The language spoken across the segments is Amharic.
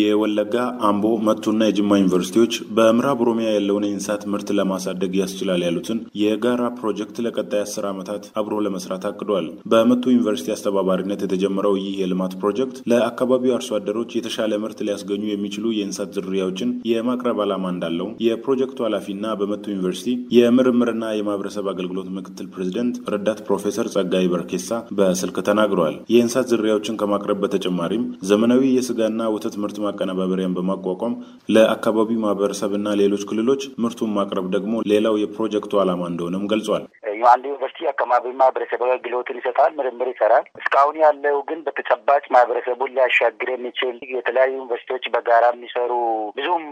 የወለጋ አምቦ፣ መቱና የጅማ ዩኒቨርሲቲዎች በምዕራብ ኦሮሚያ ያለውን የእንስሳት ምርት ለማሳደግ ያስችላል ያሉትን የጋራ ፕሮጀክት ለቀጣይ አስር ዓመታት አብሮ ለመስራት አቅዷል። በመቱ ዩኒቨርሲቲ አስተባባሪነት የተጀመረው ይህ የልማት ፕሮጀክት ለአካባቢው አርሶ አደሮች የተሻለ ምርት ሊያስገኙ የሚችሉ የእንስሳት ዝርያዎችን የማቅረብ ዓላማ እንዳለው የፕሮጀክቱ ኃላፊና በመቱ ዩኒቨርሲቲ የምርምርና የማህበረሰብ አገልግሎት ምክትል ፕሬዚደንት ረዳት ፕሮፌሰር ጸጋይ በርኬሳ በስልክ ተናግረዋል። የእንስሳት ዝርያዎችን ከማቅረብ በተጨማሪም ዘመናዊ የስጋና ወተት ምርት ምርት ማቀነባበሪያን በማቋቋም ለአካባቢው ማህበረሰብና ሌሎች ክልሎች ምርቱን ማቅረብ ደግሞ ሌላው የፕሮጀክቱ ዓላማ እንደሆነም ገልጿል። አንድ ዩኒቨርሲቲ አካባቢ ማህበረሰብ አገልግሎትን ይሰጣል፣ ምርምር ይሰራል። እስካሁን ያለው ግን በተጨባጭ ማህበረሰቡን ሊያሻግር የሚችል የተለያዩ ዩኒቨርሲቲዎች በጋራ የሚሰሩ ብዙም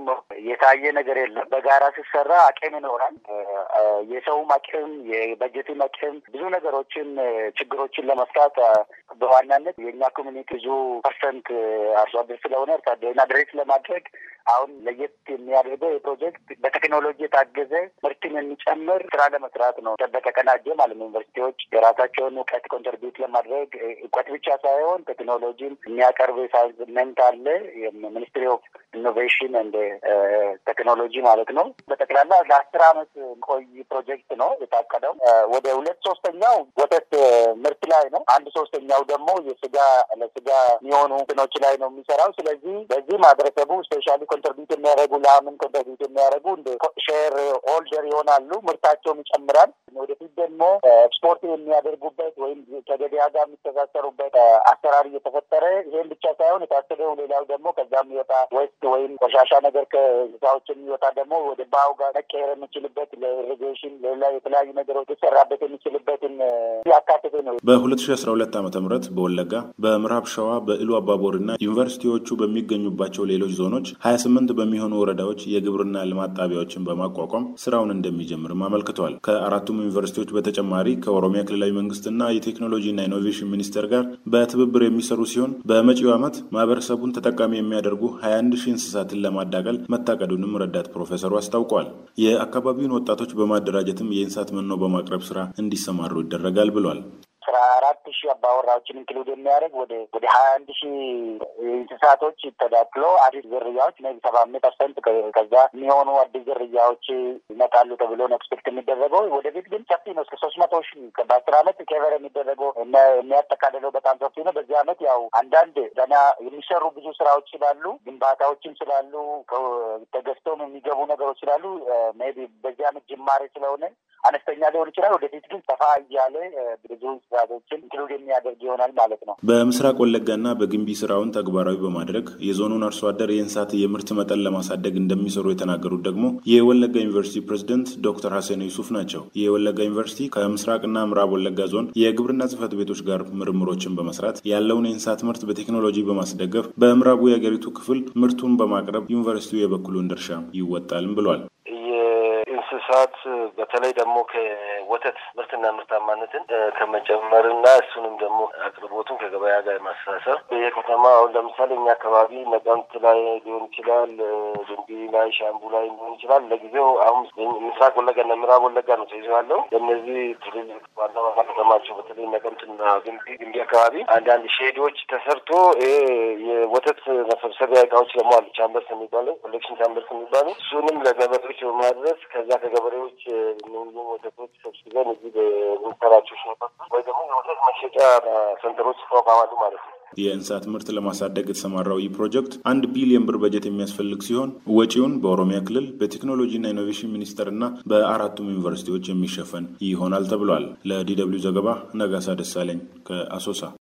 የታየ ነገር የለም። በጋራ ሲሰራ አቅም ይኖራል። የሰውም አቅም፣ የበጀትም አቅም ብዙ ነገሮችን ችግሮችን ለመፍታት በዋናነት የእኛ ኮሚኒቲ ብዙ ፐርሰንት አርሶ አደር ስለሆነ አርሶ ድሬት ለማድረግ አሁን ለየት የሚያደርገው የፕሮጀክት በቴክኖሎጂ የታገዘ ምርትን የሚጨምር ስራ ለመስራት ነው። በተቀናጀ ማለት ዩኒቨርሲቲዎች የራሳቸውን እውቀት ኮንትሪቢዩት ለማድረግ እውቀት ብቻ ሳይሆን ቴክኖሎጂን የሚያቀርብ ሳይመንት አለ። ሚኒስትሪ ኦፍ ኢኖቬሽን እንደ ቴክኖሎጂ ማለት ነው። በጠቅላላ ለአስር አመት ቆይ ፕሮጀክት ነው የታቀደው። ወደ ሁለት ሶስተኛው ወተት ምርት ላይ ነው። አንድ ሶስተኛው ደግሞ የስጋ ለስጋ የሚሆኑ ትኖች ላይ ነው የሚሰራው። ስለዚህ በዚህ ማህበረሰቡ ስፔሻሊ ኮንትሪቢዩት የሚያደረጉ ለአምን ኮንትሪቢዩት የሚያደረጉ እንደ ሼር ሆልደር ይሆናሉ። ምርታቸውም ይጨምራል። ወደፊት ደግሞ ኤክስፖርት የሚያደርጉበት ወይም ከገበያ ጋር የሚተሳሰሩበት አሰራር እየተፈጠረ ይሄን ብቻ ሳይሆን የታሰበው ሌላው ደግሞ ከዛም የሚወጣ ዌስት ወይም ቆሻሻ ነገር ከዛዎች የሚወጣ ደግሞ ወደ ባው ጋር መቀየር የምችልበት ለኢሪጌሽን፣ ሌላ የተለያዩ ነገሮች ይሰራበት የሚችልበትን ያካትት ነው። በሁለት ሺ አስራ ሁለት ዓመተ ምህረት በወለጋ በምዕራብ ሸዋ በኢሉ አባቦር እና ዩኒቨርሲቲዎቹ በሚገኙባቸው ሌሎች ዞኖች ሀያ ስምንት በሚሆኑ ወረዳዎች የግብርና ልማት ጣቢያዎችን በማቋቋም ስራውን እንደሚጀምርም አመልክቷል። ከአራቱም ዩኒቨርሲቲዎች በተጨማሪ ከኦሮሚያ ክልላዊ መንግስትና የቴክኖሎጂና ኢኖቬሽን ሚኒስቴር ጋር በትብብር የሚሰሩ ሲሆን በመጪው ዓመት ማህበረሰቡን ተጠቃሚ የሚያደርጉ 21 ሺህ እንስሳትን ለማዳቀል መታቀዱንም ረዳት ፕሮፌሰሩ አስታውቋል። የአካባቢውን ወጣቶች በማደራጀትም የእንስሳት መኖ በማቅረብ ስራ እንዲሰማሩ ይደረጋል ብሏል። አስራ አራት ሺህ አባወራዎችን እንክሉድ የሚያደርግ ወደ ወደ ሀያ አንድ ሺህ እንስሳቶች ተዳክሎ አዲስ ዝርያዎች ነዚ ሰባ አምስት ፐርሰንት ከዛ የሚሆኑ አዲስ ዝርያዎች ይመጣሉ ተብሎ ነው ኤክስፔክት የሚደረገው። ወደፊት ግን ሰፊ ነው። እስከ ሶስት መቶ ሺህ በአስር አመት ከቨር የሚደረገው የሚያጠቃልለው በጣም ሰፊ ነው። በዚህ አመት ያው አንዳንድ ገና የሚሰሩ ብዙ ስራዎች ስላሉ፣ ግንባታዎችም ስላሉ፣ ተገዝተውም የሚገቡ ነገሮች ስላሉ ሜይ ቢ በዚህ አመት ጅማሬ ስለሆነ አነስተኛ ሊሆን ይችላል። ወደፊት ግን ሰፋ እያለ ብዙ ስራቶችን ኢንክሉድ የሚያደርግ ይሆናል ማለት ነው። በምስራቅ ወለጋና በግንቢ ስራውን ተግባራዊ በማድረግ የዞኑን አርሶ አደር የእንስሳት የምርት መጠን ለማሳደግ እንደሚሰሩ የተናገሩት ደግሞ የወለጋ ዩኒቨርሲቲ ፕሬዚደንት ዶክተር ሀሰን ዩሱፍ ናቸው። የወለጋ ዩኒቨርሲቲ ከምስራቅና ምዕራብ ወለጋ ዞን የግብርና ጽህፈት ቤቶች ጋር ምርምሮችን በመስራት ያለውን የእንስሳት ምርት በቴክኖሎጂ በማስደገፍ በምዕራቡ የአገሪቱ ክፍል ምርቱን በማቅረብ ዩኒቨርሲቲው የበኩሉን ድርሻ ይወጣልም ብሏል። እንስሳት በተለይ ደግሞ የወተት ምርትና ምርታማነትን ከመጨመርና እሱንም ደግሞ አቅርቦቱን ከገበያ ጋር ማስተሳሰር ከተማ አሁን ለምሳሌ እኛ አካባቢ ነቀምት ላይ ሊሆን ይችላል፣ ድንቢ ላይ፣ ሻምቡ ላይ ሊሆን ይችላል። ለጊዜው አሁን ምስራቅ ወለጋና ምዕራብ ወለጋ ነው ተይዞ ያለው። ለእነዚህ ትልልቅ ዋና ዋና ከተማቸው በተለይ ነቀምትና ግንቢ ግንቢ አካባቢ አንዳንድ ሼዶች ተሰርቶ ይሄ የወተት መሰብሰቢያ እቃዎች ደግሞ አሉ። ቻምበርስ የሚባለው ኮሌክሽን ቻምበርስ የሚባለው እሱንም ለገበሬዎች በማድረስ ከዛ ከገበሬዎች ወተቶች ይዘን እዚህ ወይ ደግሞ የወተት መሸጫ ሰንተሮች ይቋቋማሉ ማለት ነው። የእንስሳት ምርት ለማሳደግ የተሰማራው ይህ ፕሮጀክት አንድ ቢሊዮን ብር በጀት የሚያስፈልግ ሲሆን ወጪውን በኦሮሚያ ክልል በቴክኖሎጂና ኢኖቬሽን ሚኒስቴርና በአራቱም ዩኒቨርሲቲዎች የሚሸፈን ይሆናል ተብሏል። ለዲ ዘገባ ነጋሳ ደሳለኝ ከአሶሳ